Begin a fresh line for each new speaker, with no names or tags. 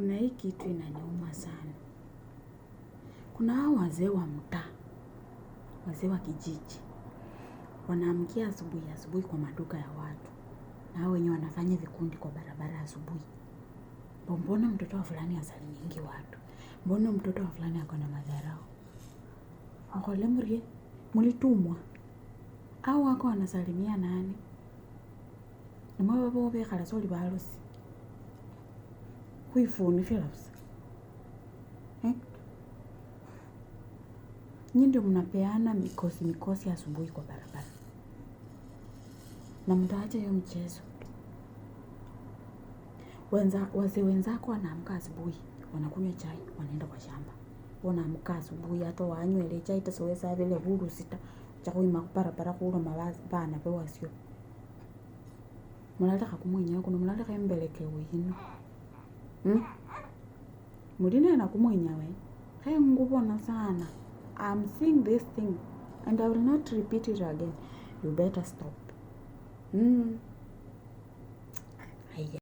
kuna hii kitu inaniuma sana. Kuna hao wazee wa mtaa, wazee wa kijiji, wanaamkia asubuhi asubuhi kwa maduka ya watu, na hao wenye wanafanya vikundi kwa barabara asubuhi. Mbona mtoto wa fulani asalimiingi watu? Mbona mtoto wa fulani ako na madharau? Akolemrie, mulitumwa au wako wanasalimia nani? nimwebabobekhala soli balosi Hivyo Phillips, eh? Nyinyi ndio mnapeana mikosi mikosi asubuhi kwa barabara na mtaacha hiyo mchezo. Wenza, wazee wenzako wanaamka asubuhi wanakunywa chai wanaenda kwa shamba, wanaamka asubuhi hata wanywe ile chai tasoweza vile huru sita chakuima barabara kuura mawazi bana bewa sio mnataka kumwenyewe kuna mnataka wino Hmm? muli nena kumwenyawe khe nguvona sana iam seeing this thing and i will not repeatet again you better stop hmm.